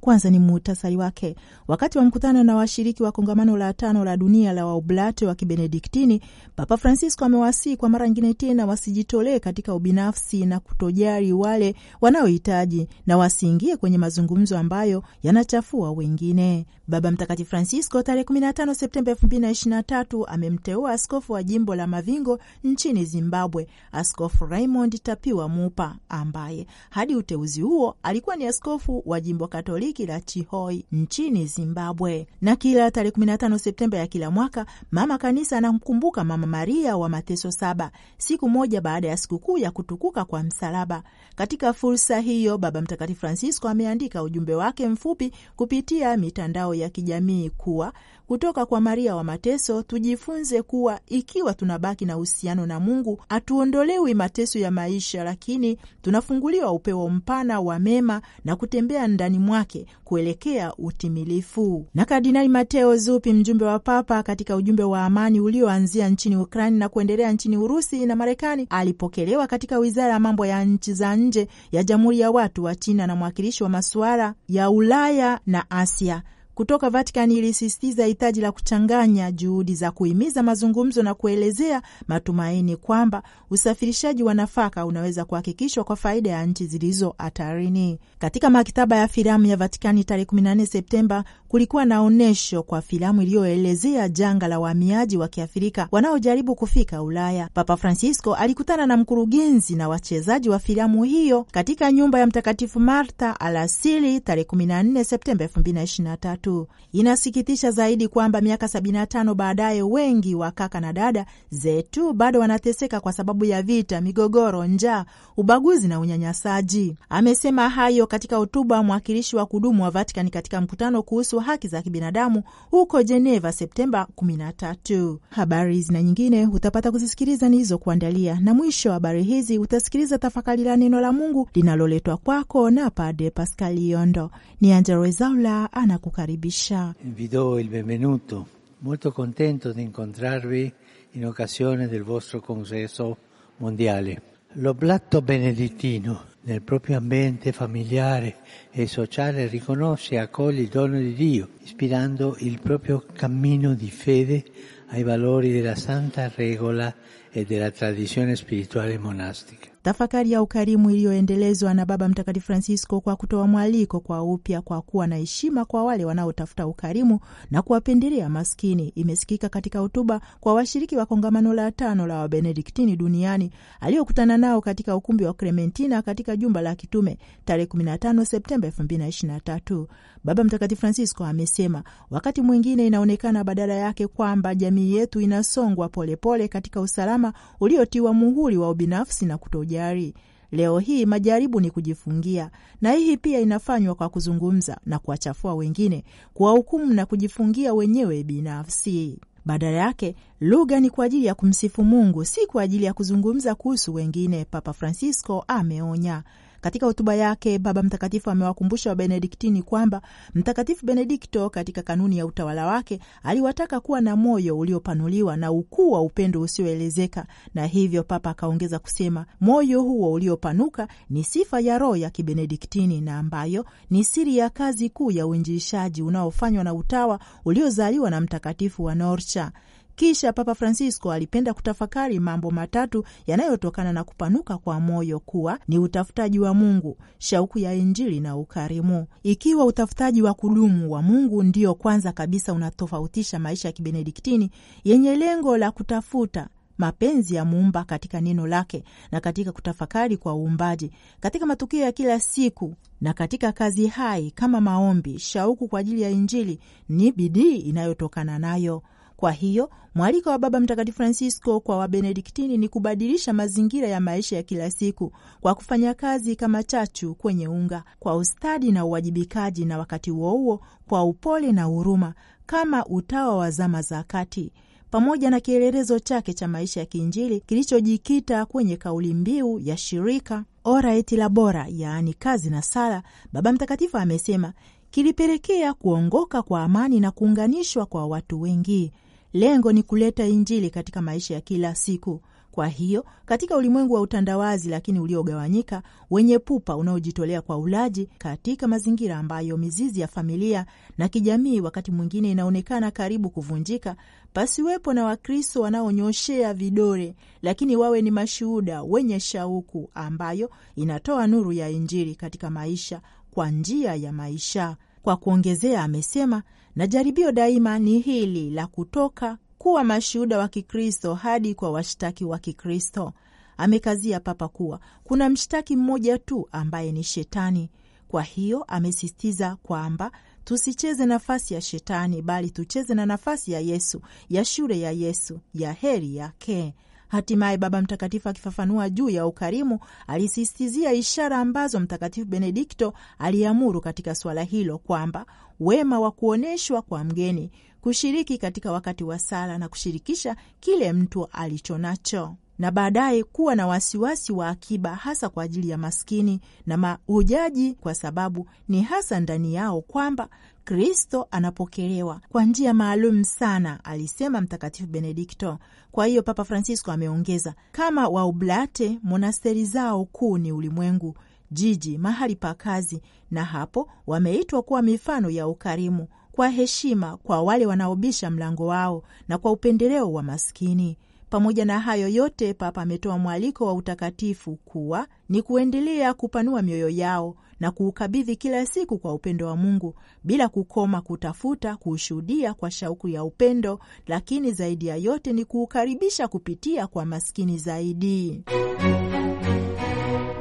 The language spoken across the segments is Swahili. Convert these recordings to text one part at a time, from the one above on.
Kwanza ni muhtasari wake. Wakati wa mkutano na washiriki wa kongamano la tano la dunia la waoblate wa Kibenediktini, Papa Francisco amewasihi kwa mara nyingine tena wasijitolee katika ubinafsi na kutojali wale wanaohitaji na wasiingie kwenye mazungumzo ambayo yanachafua wengine. Baba Mtakatifu Francisco tarehe 15 Septemba 2023 amemteua askofu wa jimbo la Mavingo nchini Zimbabwe, Askofu Raymond Tapiwa Mupa ambaye hadi uteuzi huo alikuwa ni askofu wa jimbo Katoliki Katoliki la Chihoi nchini Zimbabwe. Na kila tarehe 15 Septemba ya kila mwaka mama kanisa anamkumbuka Mama Maria wa mateso saba, siku moja baada ya sikukuu ya kutukuka kwa msalaba. Katika fursa hiyo, Baba Mtakatifu Francisco ameandika ujumbe wake mfupi kupitia mitandao ya kijamii kuwa kutoka kwa Maria wa Mateso tujifunze kuwa ikiwa tunabaki na uhusiano na Mungu, hatuondolewi mateso ya maisha, lakini tunafunguliwa upeo mpana wa mema na kutembea ndani mwake kuelekea utimilifu. Na Kardinali Mateo zupi mjumbe wa Papa katika ujumbe wa amani ulioanzia nchini Ukraini na kuendelea nchini Urusi na Marekani, alipokelewa katika wizara ya mambo ya nchi za nje ya Jamhuri ya Watu wa China na mwakilishi wa masuala ya Ulaya na Asia kutoka Vatican ilisisitiza hitaji la kuchanganya juhudi za kuhimiza mazungumzo na kuelezea matumaini kwamba usafirishaji wa nafaka unaweza kuhakikishwa kwa faida ya nchi zilizo hatarini. Katika maktaba ya filamu ya Vatikani tarehe 14 Septemba kulikuwa na onyesho kwa filamu iliyoelezea janga la wahamiaji wa Kiafrika wanaojaribu kufika Ulaya. Papa Francisco alikutana na mkurugenzi na wachezaji wa filamu hiyo katika nyumba ya Mtakatifu Marta alasili tarehe 14 Septemba 2023 tu. Inasikitisha zaidi kwamba miaka 75 baadaye wengi wa kaka na dada zetu bado wanateseka kwa sababu ya vita, migogoro, njaa, ubaguzi na unyanyasaji. Amesema hayo katika hotuba mwakilishi wa kudumu wa Vatican katika mkutano kuhusu haki za kibinadamu huko Geneva Septemba 13. Habari na nyingine utapata kuzisikiliza nilizokuandalia, na mwisho wa habari hizi utasikiliza tafakari la neno la Mungu linaloletwa kwako na Pade Yondo. Ni Angella Rwezaula anakukaribisha. Biscià. Vi do il benvenuto, molto contento di incontrarvi in occasione del vostro congresso mondiale. L'oblato benedettino nel proprio ambiente familiare e sociale riconosce e accoglie il dono di Dio, ispirando il proprio cammino di fede ai valori della santa regola e della tradizione spirituale monastica. Tafakari ya ukarimu iliyoendelezwa na Baba Mtakatifu Francisco kwa kutoa mwaliko kwa upya kwa kuwa na heshima kwa wale wanaotafuta ukarimu na kuwapendelea maskini imesikika katika hotuba kwa washiriki wa kongamano la tano la Wabenediktini duniani aliyokutana nao katika ukumbi wa Klementina katika jumba la kitume tarehe 15 Septemba 2023. Baba Mtakatifu Francisco amesema wakati mwingine inaonekana badala yake kwamba jamii yetu inasongwa polepole pole katika usalama uliotiwa muhuri wa ubinafsi na kutojari. Leo hii majaribu ni kujifungia, na hii pia inafanywa kwa kuzungumza na kuwachafua wengine, kuwahukumu na kujifungia wenyewe binafsi. Badala yake lugha ni kwa ajili ya kumsifu Mungu, si kwa ajili ya kuzungumza kuhusu wengine, Papa Francisco ameonya. Katika hotuba yake, Baba Mtakatifu amewakumbusha Wabenediktini kwamba Mtakatifu Benedikto katika kanuni ya utawala wake aliwataka kuwa na moyo uliopanuliwa na ukuu wa upendo usioelezeka, na hivyo Papa akaongeza kusema, moyo huo uliopanuka ni sifa ya roho ya Kibenediktini na ambayo ni siri ya kazi kuu ya uinjilishaji unaofanywa na utawa uliozaliwa na Mtakatifu wa Norcha. Kisha Papa Francisco alipenda kutafakari mambo matatu yanayotokana na kupanuka kwa moyo kuwa ni utafutaji wa Mungu, shauku ya Injili na ukarimu. Ikiwa utafutaji wa kudumu wa Mungu ndiyo kwanza kabisa unatofautisha maisha ya kibenediktini yenye lengo la kutafuta mapenzi ya muumba katika neno lake na katika kutafakari kwa uumbaji, katika matukio ya kila siku na katika kazi hai kama maombi. Shauku kwa ajili ya Injili ni bidii inayotokana nayo. Kwa hiyo mwaliko wa Baba Mtakatifu Francisco kwa Wabenediktini ni kubadilisha mazingira ya maisha ya kila siku kwa kufanya kazi kama chachu kwenye unga, kwa ustadi na uwajibikaji, na wakati huo huo kwa upole na huruma, kama utawa wa zama za kati pamoja na kielelezo chake cha maisha ya kiinjili kilichojikita kwenye kauli mbiu ya shirika Ora et Labora, yaani kazi na sala, Baba Mtakatifu amesema kilipelekea kuongoka kwa amani na kuunganishwa kwa watu wengi. Lengo ni kuleta Injili katika maisha ya kila siku. Kwa hiyo katika ulimwengu wa utandawazi lakini uliogawanyika, wenye pupa, unaojitolea kwa ulaji katika mazingira ambayo mizizi ya familia na kijamii wakati mwingine inaonekana karibu kuvunjika, pasiwepo na Wakristo wanaonyoshea vidore, lakini wawe ni mashuhuda wenye shauku ambayo inatoa nuru ya Injili katika maisha kwa njia ya maisha. Kwa kuongezea, amesema na jaribio daima ni hili la kutoka kuwa mashuhuda wa Kikristo hadi kwa washtaki wa Kikristo. Amekazia Papa kuwa kuna mshtaki mmoja tu ambaye ni Shetani. Kwa hiyo amesisitiza kwamba tusicheze nafasi ya Shetani, bali tucheze na nafasi ya Yesu, ya shule ya Yesu, ya heri yake. Hatimaye Baba Mtakatifu akifafanua juu ya ukarimu alisisitizia ishara ambazo Mtakatifu Benedikto aliamuru katika suala hilo kwamba wema wa kuonyeshwa kwa mgeni, kushiriki katika wakati wa sala na kushirikisha kile mtu alicho nacho na baadaye kuwa na wasiwasi wa akiba hasa kwa ajili ya maskini na mahujaji, kwa sababu ni hasa ndani yao kwamba Kristo anapokelewa kwa njia maalum sana, alisema Mtakatifu Benedikto. Kwa hiyo Papa Francisco ameongeza, kama Waublate monasteri zao kuu ni ulimwengu, jiji, mahali pa kazi, na hapo wameitwa kuwa mifano ya ukarimu kwa heshima kwa wale wanaobisha mlango wao na kwa upendeleo wa maskini. Pamoja na hayo yote, Papa ametoa mwaliko wa utakatifu kuwa ni kuendelea kupanua mioyo yao na kuukabidhi kila siku kwa upendo wa Mungu bila kukoma kutafuta kuushuhudia kwa shauku ya upendo, lakini zaidi ya yote ni kuukaribisha kupitia kwa maskini zaidi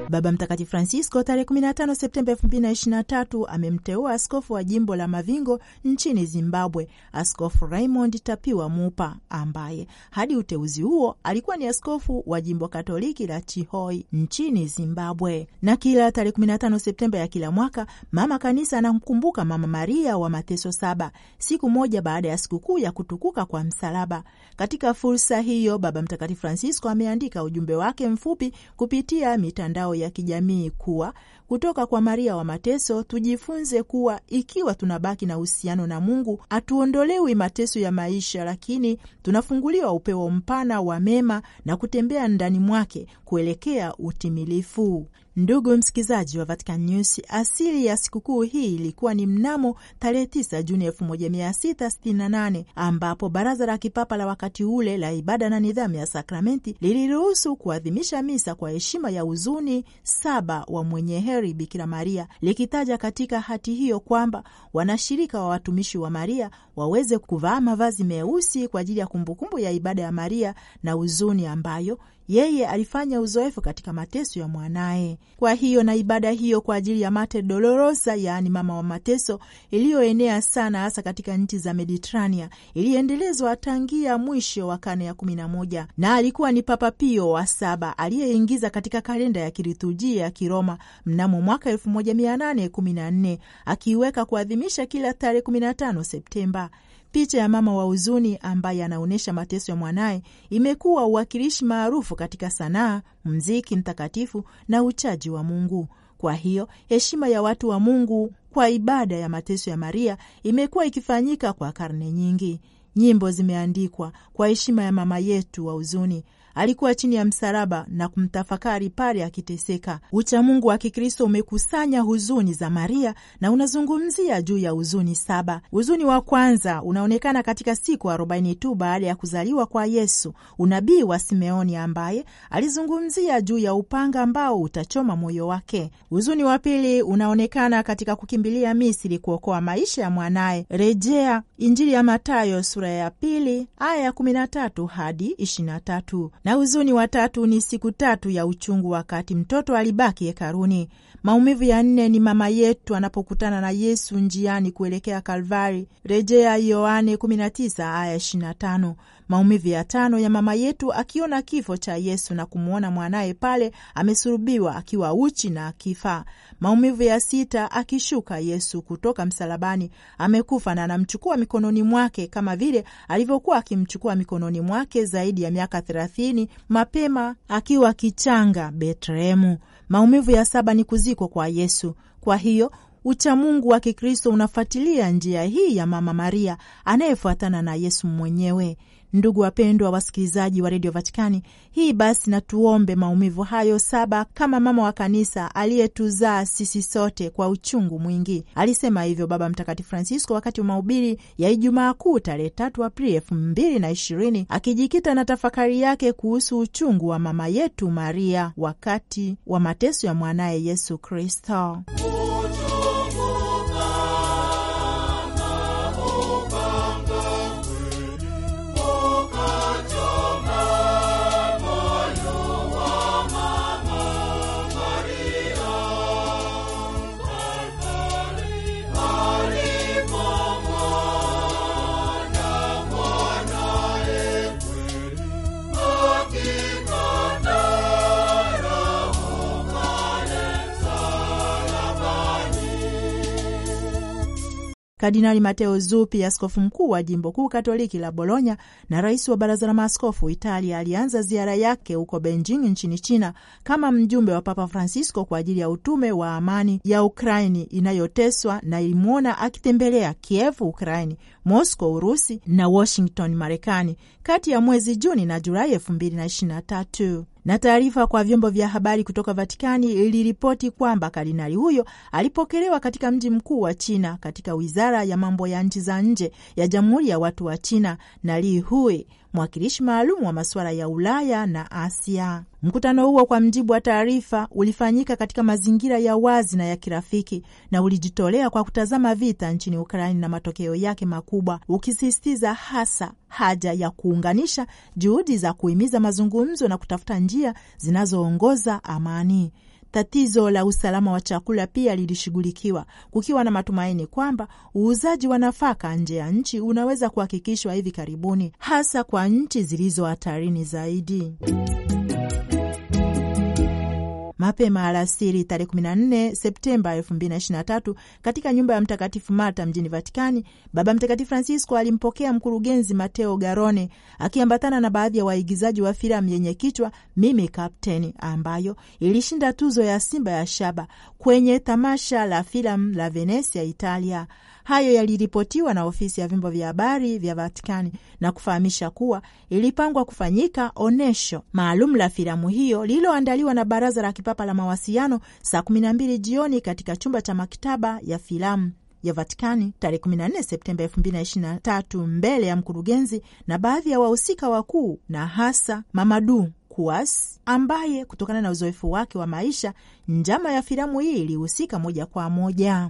Baba Mtakatifu Francisco tarehe 15 Septemba 2023 amemteua askofu wa jimbo la Mavingo nchini Zimbabwe, Askofu Raymond Tapiwa Mupa, ambaye hadi uteuzi huo alikuwa ni askofu wa jimbo Katoliki la Chihoi nchini Zimbabwe. Na kila tarehe 15 Septemba ya kila mwaka Mama Kanisa anamkumbuka Mama Maria wa mateso saba, siku moja baada ya sikukuu ya kutukuka kwa msalaba. Katika fursa hiyo, Baba Mtakatifu Francisco ameandika ujumbe wake mfupi kupitia mitandao ya kijamii kuwa kutoka kwa Maria wa Mateso tujifunze kuwa ikiwa tunabaki na uhusiano na Mungu, hatuondolewi mateso ya maisha, lakini tunafunguliwa upeo mpana wa mema na kutembea ndani mwake kuelekea utimilifu. Ndugu msikilizaji wa Vatican News, asili ya sikukuu hii ilikuwa ni mnamo tarehe 9 Juni 1668 ambapo baraza la kipapa la wakati ule la ibada na nidhamu ya sakramenti liliruhusu kuadhimisha misa kwa heshima ya uzuni saba wa mwenye heri Bikira Maria, likitaja katika hati hiyo kwamba wanashirika wa watumishi wa Maria waweze kuvaa mavazi meusi kwa ajili ya kumbukumbu ya ibada ya Maria na huzuni ambayo yeye alifanya uzoefu katika mateso ya mwanaye. Kwa hiyo na ibada hiyo kwa ajili ya Mater Dolorosa, yaani mama wa mateso, iliyoenea sana hasa katika nchi za Mediterania, iliendelezwa tangia mwisho wa karne ya kumi na moja na alikuwa ni Papa Pio wa saba aliyeingiza katika kalenda ya kiliturujia ya Kiroma mnamo mwaka elfu moja mia nane kumi na nne akiiweka kuadhimisha kila tarehe kumi na tano Septemba. Picha ya mama wa huzuni ambaye anaonyesha mateso ya mwanaye imekuwa uwakilishi maarufu katika sanaa, mziki mtakatifu na uchaji wa Mungu. Kwa hiyo heshima ya watu wa Mungu kwa ibada ya mateso ya Maria imekuwa ikifanyika kwa karne nyingi. Nyimbo zimeandikwa kwa heshima ya mama yetu wa huzuni, alikuwa chini ya msalaba na kumtafakari pale akiteseka. Uchamungu wa Kikristo umekusanya huzuni za Maria na unazungumzia juu ya huzuni saba. Huzuni wa kwanza unaonekana katika siku 4 tu baada ya kuzaliwa kwa Yesu, unabii wa Simeoni ambaye alizungumzia juu ya upanga ambao utachoma moyo wake. Huzuni wa pili unaonekana katika kukimbilia Misri kuokoa maisha ya mwanaye, rejea Injili ya Matayo sura ya pili aya ya 13 hadi 23 na huzuni wa tatu ni siku tatu ya uchungu, wakati mtoto alibaki hekaruni Maumivu ya nne ni mama yetu anapokutana na Yesu njiani kuelekea Kalvari, rejea Yohane 19 aya 25. Maumivu ya tano ya mama yetu akiona kifo cha Yesu na kumwona mwanaye pale amesulubiwa akiwa uchi na akifa. Maumivu ya sita akishuka Yesu kutoka msalabani, amekufa na anamchukua mikononi mwake kama vile alivyokuwa akimchukua mikononi mwake zaidi ya miaka 30 mapema akiwa kichanga Betlehemu. Maumivu ya saba ni kuzikwa kwa Yesu. Kwa hiyo uchamungu wa Kikristo unafuatilia njia hii ya Mama Maria anayefuatana na Yesu mwenyewe. Ndugu wapendwa wasikilizaji wa redio Vatikani, hii basi natuombe maumivu hayo saba kama mama wa kanisa aliyetuzaa sisi sote kwa uchungu mwingi. Alisema hivyo Baba Mtakatifu Francisco wakati wa mahubiri ya Ijumaa Kuu tarehe tatu Aprili elfu mbili na ishirini akijikita na tafakari yake kuhusu uchungu wa mama yetu Maria wakati wa mateso ya mwanaye Yesu Kristo. Kardinali Mateo Zuppi, askofu mkuu wa jimbo kuu katoliki la Bologna na rais wa baraza la maaskofu Italia, alianza ziara yake huko Beijing nchini China kama mjumbe wa Papa Francisco kwa ajili ya utume wa amani ya Ukraini inayoteswa na ilimwona akitembelea Kievu, Ukraini, Moscow, Urusi na Washington, Marekani, kati ya mwezi Juni na Julai elfu mbili na ishirini na tatu na taarifa kwa vyombo vya habari kutoka Vatikani iliripoti kwamba kardinali huyo alipokelewa katika mji mkuu wa China katika wizara ya mambo ya nchi za nje ya Jamhuri ya Watu wa China na Li Hui, mwakilishi maalum wa masuala ya Ulaya na Asia. Mkutano huo kwa mjibu wa taarifa ulifanyika katika mazingira ya wazi na ya kirafiki na ulijitolea kwa kutazama vita nchini Ukraini na matokeo yake makubwa, ukisisitiza hasa haja ya kuunganisha juhudi za kuhimiza mazungumzo na kutafuta njia zinazoongoza amani. Tatizo la usalama wa chakula pia lilishughulikiwa, kukiwa na matumaini kwamba uuzaji wa nafaka nje ya nchi unaweza kuhakikishwa hivi karibuni, hasa kwa nchi zilizo hatarini zaidi mapema alasiri tarehe 14 Septemba 2023 katika nyumba ya Mtakatifu Marta mjini Vatikani, Baba Mtakatifu Francisco alimpokea mkurugenzi Mateo Garone akiambatana na baadhi ya waigizaji wa filamu yenye kichwa Mimi Kapteni, ambayo ilishinda tuzo ya Simba ya Shaba kwenye tamasha la filamu la Venesia, Italia. Hayo yaliripotiwa na ofisi ya vyombo vya habari vya Vatikani na kufahamisha kuwa ilipangwa kufanyika onyesho maalum la filamu hiyo lililoandaliwa na Baraza la Kipapa la Mawasiliano saa 12 jioni katika chumba cha maktaba ya filamu ya Vatikani tarehe 14 Septemba 2023 mbele ya mkurugenzi na baadhi ya wahusika wakuu na hasa Mamadu Kuas ambaye kutokana na uzoefu wake wa maisha njama ya filamu hii ilihusika moja kwa moja.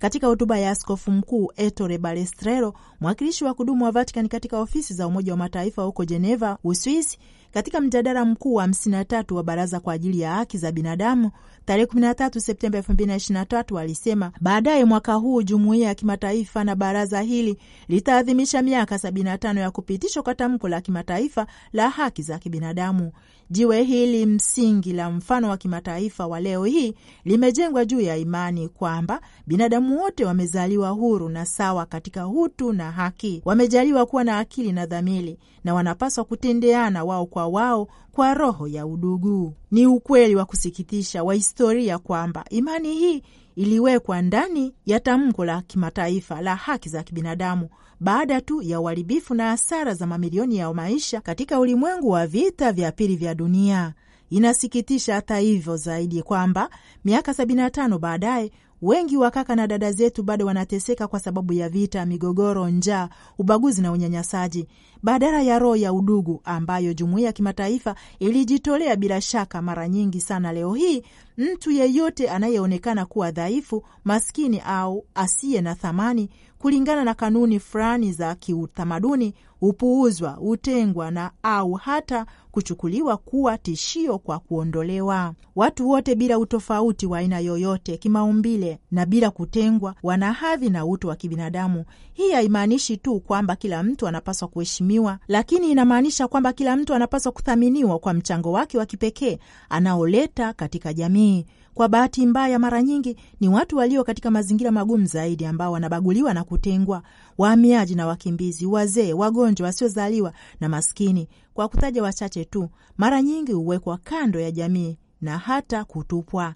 Katika hotuba ya askofu mkuu Ettore Balestrero, mwakilishi wa kudumu wa Vatikani katika ofisi za Umoja wa Mataifa huko Jeneva, Uswisi, katika mjadala mkuu wa 53 wa Baraza kwa ajili ya haki za binadamu tarehe 13 Septemba 2023 alisema baadaye mwaka huu jumuiya ya kimataifa na baraza hili litaadhimisha miaka 75 ya kupitishwa kwa tamko la kimataifa la haki za kibinadamu. Jiwe hili msingi la mfano wa kimataifa wa leo hii limejengwa juu ya imani kwamba binadamu wote wamezaliwa huru na sawa katika utu na haki, wamejaliwa kuwa na akili na dhamiri, na wanapaswa kutendeana wao kwa wao kwa roho ya udugu. Ni ukweli wa kusikitisha wa historia kwamba imani hii iliwekwa ndani ya tamko la kimataifa la haki za kibinadamu baada tu ya uharibifu na hasara za mamilioni ya maisha katika ulimwengu wa vita vya pili vya dunia. Inasikitisha hata hivyo zaidi kwamba miaka 75 baadaye wengi wa kaka na dada zetu bado wanateseka kwa sababu ya vita, migogoro, njaa, ubaguzi na unyanyasaji, badala ya roho ya udugu ambayo jumuiya ya kimataifa ilijitolea bila shaka mara nyingi sana. Leo hii Mtu yeyote anayeonekana kuwa dhaifu, maskini au asiye na thamani kulingana na kanuni fulani za kiutamaduni hupuuzwa, hutengwa na au hata kuchukuliwa kuwa tishio kwa kuondolewa. Watu wote bila utofauti wa aina yoyote kimaumbile na bila kutengwa wana hadhi na utu wa kibinadamu. Hii haimaanishi tu kwamba kila mtu anapaswa kuheshimiwa, lakini inamaanisha kwamba kila mtu anapaswa kuthaminiwa kwa mchango wake wa kipekee anaoleta katika jamii. Kwa bahati mbaya, mara nyingi ni watu walio katika mazingira magumu zaidi ambao wanabaguliwa na kutengwa: wahamiaji na wakimbizi, wazee, wagonjwa, wasiozaliwa na maskini, kwa kutaja wachache tu. Mara nyingi huwekwa kando ya jamii na hata kutupwa.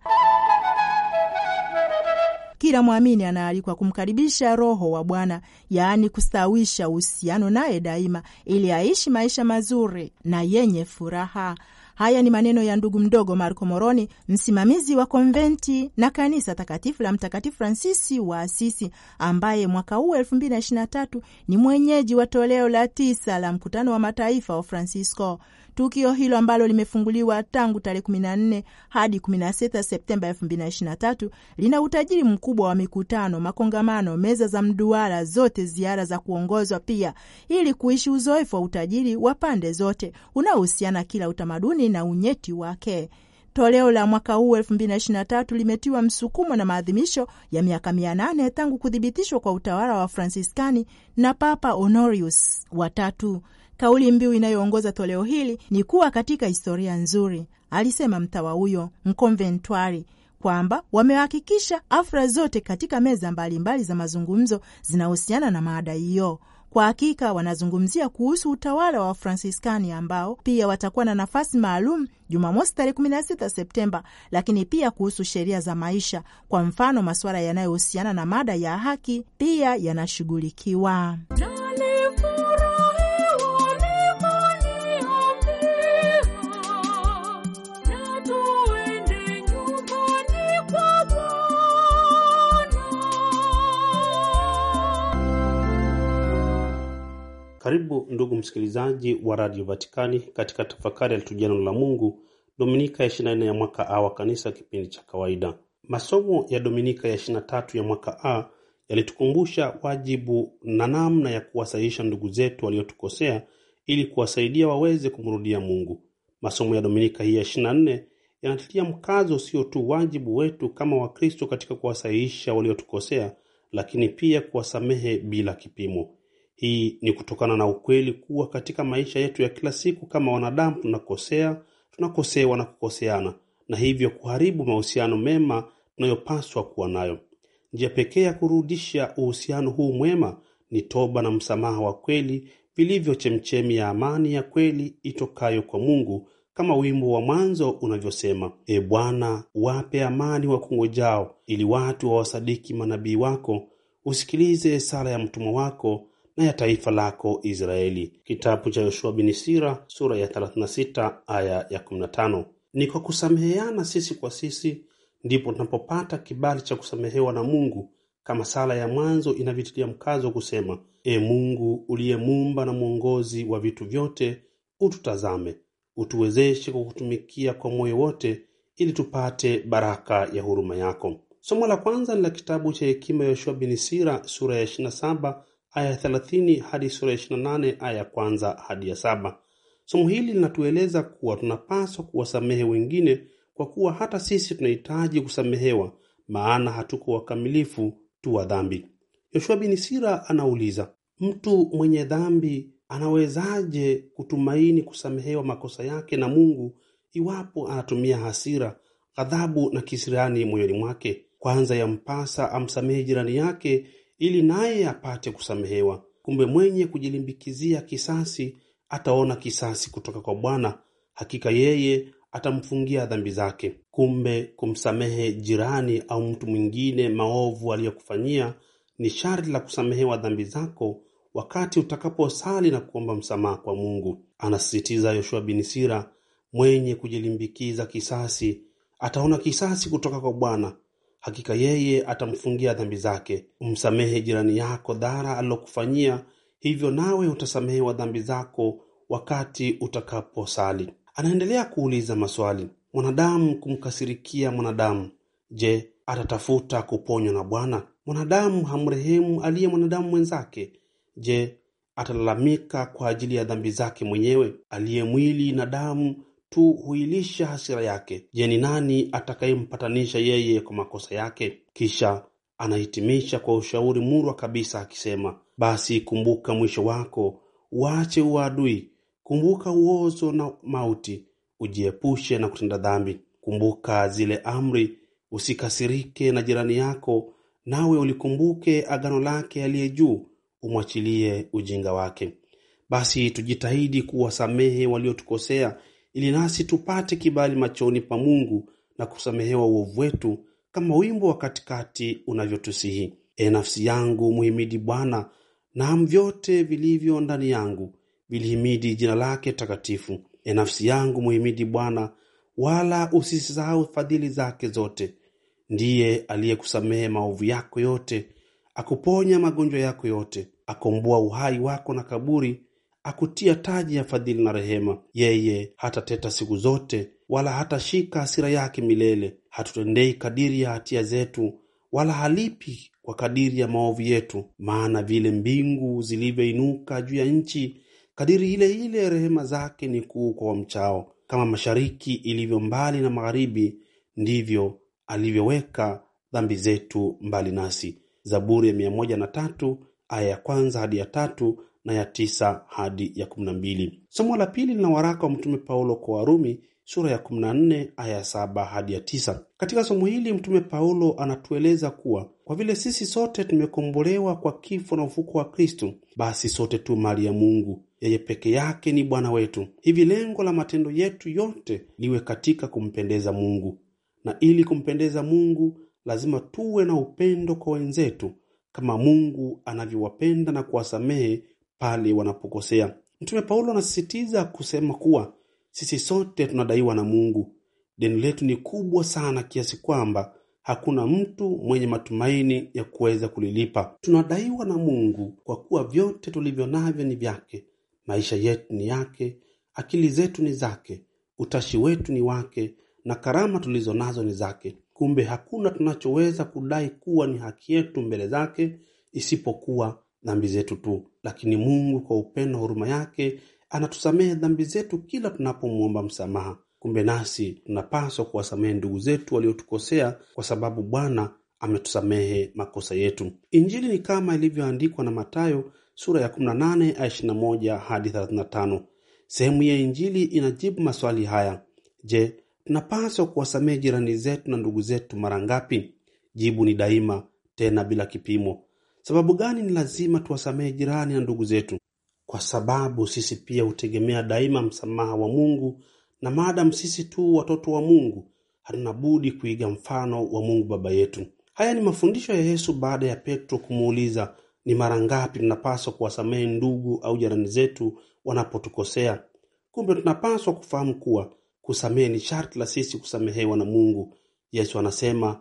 Kila mwamini anaalikwa kumkaribisha Roho wa Bwana, yaani kustawisha uhusiano naye daima, ili aishi maisha mazuri na yenye furaha. Haya ni maneno ya ndugu mdogo Marco Moroni, msimamizi wa konventi na kanisa takatifu la Mtakatifu Fransisi wa Asisi, ambaye mwaka huu tatu ni mwenyeji wa toleo la tisa la mkutano wa mataifa wa Francisco. Tukio hilo ambalo limefunguliwa tangu tarehe 14 hadi 16 Septemba 2023 lina utajiri mkubwa wa mikutano, makongamano, meza za mduara zote, ziara za kuongozwa pia, ili kuishi uzoefu wa utajiri wa pande zote unaohusiana kila utamaduni na unyeti wake. Toleo la mwaka huu 2023 limetiwa msukumo na maadhimisho ya miaka 800 tangu kuthibitishwa kwa utawala wa Fransiskani na Papa Honorius watatu. Kauli mbiu inayoongoza toleo hili ni kuwa katika historia nzuri, alisema mtawa huyo mkonventwari kwamba wamehakikisha afra zote katika meza mbalimbali mbali za mazungumzo zinahusiana na maada hiyo. Kwa hakika wanazungumzia kuhusu utawala wa Wafransiskani ambao pia watakuwa na nafasi maalum Jumamosi tarehe 16 Septemba, lakini pia kuhusu sheria za maisha. Kwa mfano, masuala yanayohusiana na mada ya haki pia yanashughulikiwa. Karibu ndugu msikilizaji wa Radio Vatikani katika tafakari ya la Mungu, Dominika ya 24 ya mwaka A wa kanisa, kipindi cha kawaida. Masomo ya Dominika ya 23 ya mwaka A yalitukumbusha wajibu na namna ya kuwasahihisha ndugu zetu waliotukosea ili kuwasaidia waweze kumrudia Mungu. Masomo ya Dominika hii ya 24 yanatilia mkazo sio tu wajibu wetu kama Wakristo katika kuwasahihisha waliotukosea, lakini pia kuwasamehe bila kipimo. Hii ni kutokana na ukweli kuwa katika maisha yetu ya kila siku kama wanadamu tunakosea, tunakosewa na kukoseana na hivyo kuharibu mahusiano mema tunayopaswa kuwa nayo. Njia pekee ya kurudisha uhusiano huu mwema ni toba na msamaha wa kweli vilivyo chemchemi ya amani ya kweli itokayo kwa Mungu kama wimbo wa mwanzo unavyosema: E Bwana, wape amani wa kungojao, ili watu wawasadiki manabii wako. Usikilize sala ya mtumwa wako, na ya taifa lako Israeli. Kitabu cha Yoshua bin Sira sura ya 36 aya ya 15. Ni kwa kusameheana sisi kwa sisi ndipo tunapopata kibali cha kusamehewa na Mungu, kama sala ya mwanzo inavitilia mkazo kusema: E Mungu mumba na mwongozi wa vitu vyote, ututazame, utuwezeshe kukutumikia kwa moyo wote, ili tupate baraka ya huruma yako. Somo la kwanza ni la kitabu cha Hekima ya Yoshua bin Sira sura ya aya thelathini hadi sura ishirini na nane aya ya kwanza hadi ya saba. Somo hili linatueleza kuwa tunapaswa kuwasamehe wengine kwa kuwa hata sisi tunahitaji kusamehewa, maana hatuko wakamilifu tu wa dhambi. Yoshua bin Sira anauliza, mtu mwenye dhambi anawezaje kutumaini kusamehewa makosa yake na Mungu iwapo anatumia hasira, ghadhabu na kisirani moyoni mwake? Kwanza yampasa amsamehe jirani yake ili naye apate kusamehewa. Kumbe mwenye kujilimbikizia kisasi ataona kisasi kutoka kwa Bwana, hakika yeye atamfungia dhambi zake. Kumbe kumsamehe jirani au mtu mwingine maovu aliyokufanyia ni sharti la kusamehewa dhambi zako wakati utakaposali na kuomba msamaha kwa Mungu. Anasisitiza Yoshua bin Sira, mwenye kujilimbikiza kisasi ataona kisasi kutoka kwa Bwana, Hakika yeye atamfungia dhambi zake. Umsamehe jirani yako dhara alilokufanyia, hivyo nawe utasamehewa dhambi zako wakati utakaposali. Anaendelea kuuliza maswali: mwanadamu kumkasirikia mwanadamu, je, atatafuta kuponywa na Bwana? Mwanadamu hamrehemu aliye mwanadamu mwenzake, je, atalalamika kwa ajili ya dhambi zake mwenyewe? Aliye mwili na damu tu huilisha hasira yake. Je, ni nani atakayempatanisha yeye kwa makosa yake? Kisha anahitimisha kwa ushauri murwa kabisa akisema, basi kumbuka mwisho wako, waache uadui, kumbuka uozo na mauti, ujiepushe na kutenda dhambi, kumbuka zile amri, usikasirike na jirani yako, nawe ulikumbuke agano lake aliye juu, umwachilie ujinga wake. Basi tujitahidi kuwasamehe waliotukosea ili nasi tupate kibali machoni pa Mungu na kusamehewa uovu wetu kama wimbo wa katikati unavyotusihi. E nafsi yangu muhimidi Bwana, naam, vyote vilivyo ndani yangu vilihimidi jina lake takatifu. E nafsi yangu muhimidi Bwana, wala usisahau fadhili zake zote. Ndiye aliyekusamehe maovu yako yote, akuponya magonjwa yako yote, akomboa uhai wako na kaburi akutia taji ya fadhili na rehema. Yeye hatateta siku zote, wala hatashika hasira yake milele. Hatutendei kadiri ya hatia zetu, wala halipi kwa kadiri ya maovu yetu. Maana vile mbingu zilivyoinuka juu ya nchi, kadiri ile ile rehema zake ni kuu kwa wamchao. Kama mashariki ilivyo mbali na magharibi, ndivyo alivyoweka dhambi zetu mbali nasi. Zaburi ya mia moja na tatu aya ya kwanza hadi ya tatu na ya tisa hadi ya kumi na mbili. Somo la pili lina waraka wa Mtume Paulo kwa Warumi sura ya nne aya saba hadi ya tisa. Katika somo hili Mtume Paulo anatueleza kuwa kwa vile sisi sote tumekombolewa kwa kifo na ufuko wa kristu basi sote tu mali ya Mungu, yeye peke yake ni Bwana wetu. Hivi lengo la matendo yetu yote liwe katika kumpendeza Mungu, na ili kumpendeza Mungu lazima tuwe na upendo kwa wenzetu kama Mungu anavyowapenda na kuwasamehe pale wanapokosea. Mtume Paulo anasisitiza kusema kuwa sisi sote tunadaiwa na Mungu. Deni letu ni kubwa sana kiasi kwamba hakuna mtu mwenye matumaini ya kuweza kulilipa. Tunadaiwa na Mungu kwa kuwa vyote tulivyo navyo ni vyake. Maisha yetu ni yake, akili zetu ni zake, utashi wetu ni wake, na karama tulizo nazo ni zake. Kumbe hakuna tunachoweza kudai kuwa ni haki yetu mbele zake isipokuwa dhambi zetu tu, lakini Mungu kwa upendo huruma yake anatusamehe dhambi zetu kila tunapomwomba msamaha. Kumbe nasi tunapaswa kuwasamehe ndugu zetu waliotukosea, kwa sababu Bwana ametusamehe makosa yetu. Injili ni kama ilivyoandikwa na Mathayo sura ya 18 aya 21 hadi 35. Sehemu ya Injili inajibu maswali haya: Je, tunapaswa kuwasamehe jirani zetu na ndugu zetu mara ngapi? Jibu ni daima, tena bila kipimo. Sababu gani ni lazima tuwasamehe jirani na ndugu zetu? Kwa sababu sisi pia hutegemea daima msamaha wa Mungu, na maadamu sisi tu watoto wa Mungu, hatuna budi kuiga mfano wa Mungu Baba yetu. Haya ni mafundisho ya Yesu baada ya Petro kumuuliza ni mara ngapi tunapaswa kuwasamehe ndugu au jirani zetu wanapotukosea. Kumbe tunapaswa kufahamu kuwa kusamehe ni sharti la sisi kusamehewa na Mungu. Yesu anasema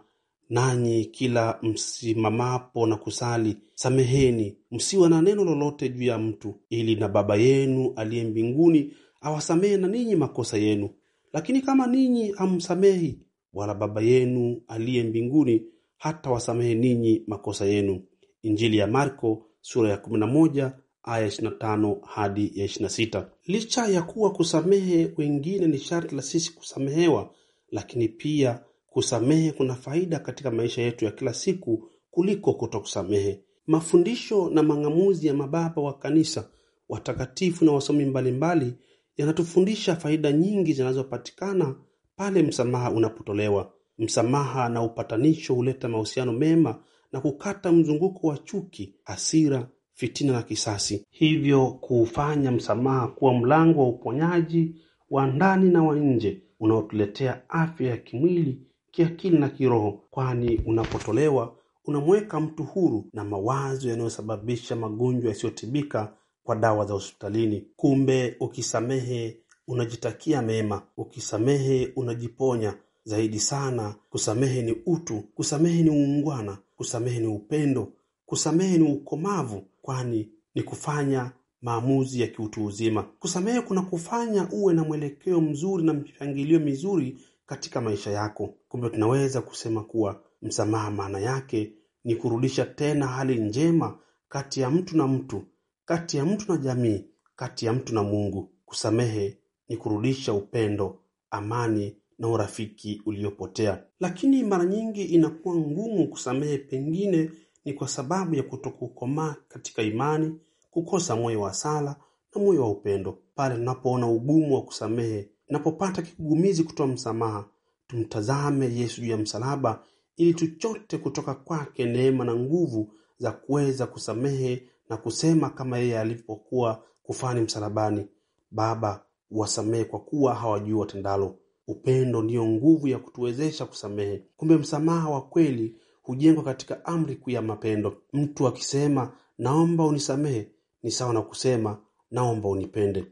nanyi kila msimamapo na kusali sameheni, msiwe na neno lolote juu ya mtu, ili na Baba yenu aliye mbinguni awasamehe na ninyi makosa yenu. Lakini kama ninyi hamsamehi, wala Baba yenu aliye mbinguni hata wasamehe ninyi makosa yenu. Injili ya Marko sura ya 11 aya 25 hadi ya 26. Licha ya kuwa kusamehe wengine ni sharti la sisi kusamehewa, lakini pia Kusamehe kuna faida katika maisha yetu ya kila siku kuliko kutokusamehe. Mafundisho na mang'amuzi ya mababa wa kanisa, watakatifu na wasomi mbalimbali yanatufundisha faida nyingi zinazopatikana pale msamaha unapotolewa. Msamaha na upatanisho huleta mahusiano mema na kukata mzunguko wa chuki, hasira, fitina na kisasi, hivyo kuufanya msamaha kuwa mlango wa uponyaji wa ndani na wa nje unaotuletea afya ya kimwili kiakili na kiroho, kwani unapotolewa unamweka mtu huru na mawazo yanayosababisha magonjwa yasiyotibika kwa dawa za hospitalini. Kumbe ukisamehe unajitakia mema, ukisamehe unajiponya zaidi sana. Kusamehe ni utu, kusamehe ni uungwana, kusamehe ni upendo, kusamehe ni ukomavu, kwani ni kufanya maamuzi ya kiutu uzima. Kusamehe kuna kufanya uwe na mwelekeo mzuri na mipangilio mizuri katika maisha yako. Kumbe tunaweza kusema kuwa msamaha maana yake ni kurudisha tena hali njema kati ya mtu na mtu, kati ya mtu na jamii, kati ya mtu na Mungu. Kusamehe ni kurudisha upendo, amani na urafiki uliopotea. Lakini mara nyingi inakuwa ngumu kusamehe, pengine ni kwa sababu ya kutokukomaa katika imani, kukosa moyo wa sala na moyo wa upendo. Pale tunapoona ugumu wa kusamehe, inapopata kigugumizi kutoa msamaha, tumtazame Yesu juu ya msalaba ili tuchote kutoka kwake neema na nguvu za kuweza kusamehe na kusema kama yeye alivyokuwa kufani msalabani, Baba, wasamehe kwa kuwa hawajui watendalo. Upendo ndiyo nguvu ya kutuwezesha kusamehe. Kumbe msamaha wa kweli hujengwa katika amri kuu ya mapendo. Mtu akisema naomba unisamehe, ni sawa na kusema naomba unipende.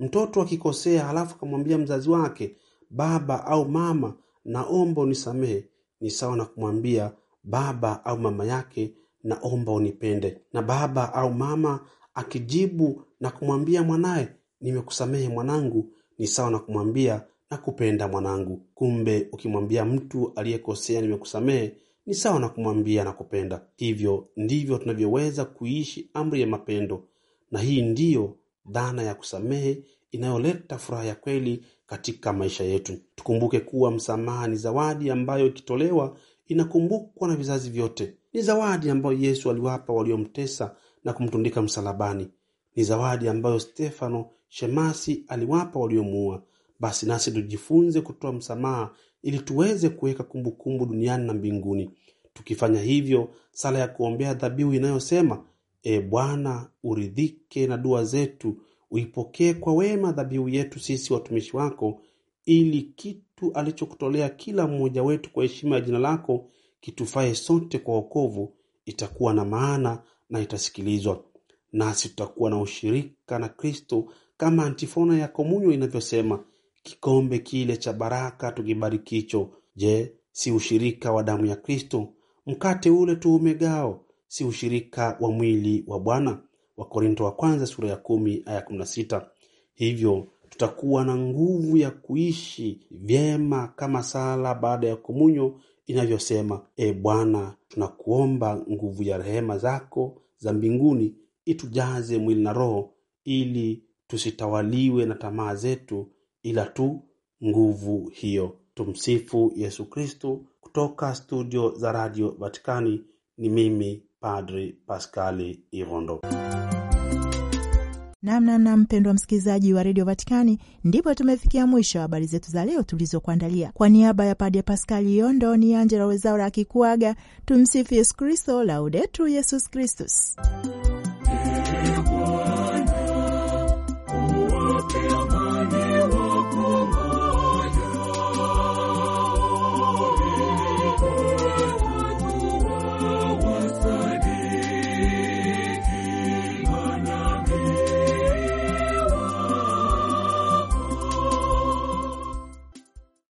Mtoto akikosea halafu akamwambia mzazi wake baba au mama naomba unisamehe ni sawa na kumwambia baba au mama yake naomba unipende. Na baba au mama akijibu na kumwambia mwanaye nimekusamehe mwanangu ni sawa na kumwambia na kupenda mwanangu. Kumbe ukimwambia mtu aliyekosea nimekusamehe ni sawa na kumwambia na kupenda Hivyo ndivyo tunavyoweza kuishi amri ya mapendo, na hii ndiyo dhana ya kusamehe inayoleta furaha ya kweli katika maisha yetu. Tukumbuke kuwa msamaha ni zawadi ambayo ikitolewa inakumbukwa na vizazi vyote. Ni zawadi ambayo Yesu aliwapa waliomtesa na kumtundika msalabani. Ni zawadi ambayo Stefano Shemasi aliwapa waliomuua. Basi nasi tujifunze kutoa msamaha ili tuweze kuweka kumbukumbu duniani na mbinguni. Tukifanya hivyo, sala ya kuombea dhabihu inayosema e Bwana, uridhike na dua zetu, uipokee kwa wema dhabihu yetu sisi watumishi wako, ili kitu alichokutolea kila mmoja wetu kwa heshima ya jina lako kitufae sote kwa wokovu, itakuwa na maana na itasikilizwa, nasi tutakuwa na ushirika na Kristo kama antifona ya komunyo inavyosema, kikombe kile cha baraka tukibarikicho, je, si ushirika wa damu ya Kristo? Mkate ule tuumegao si ushirika wa mwili wa Bwana. Wakorinto wa kwanza sura ya kumi aya kumi na sita. Hivyo tutakuwa na nguvu ya kuishi vyema kama sala baada ya komunyo inavyosema: E Bwana, tunakuomba nguvu ya rehema zako za mbinguni itujaze mwili na roho, ili tusitawaliwe na tamaa zetu, ila tu nguvu hiyo. Tumsifu Yesu Kristo. Kutoka studio za Radio Vatikani ni mimi Padri Pascali Irondo. Namnamna mpendwa msikilizaji wa redio Vatikani, ndipo tumefikia mwisho wa habari zetu za leo tulizokuandalia. Kwa, niaba ya Padre Paskali Yondo ni Angela Wezaura akikuaga. Tumsifu Yesu Kristo, Laudetur Yesus Kristus.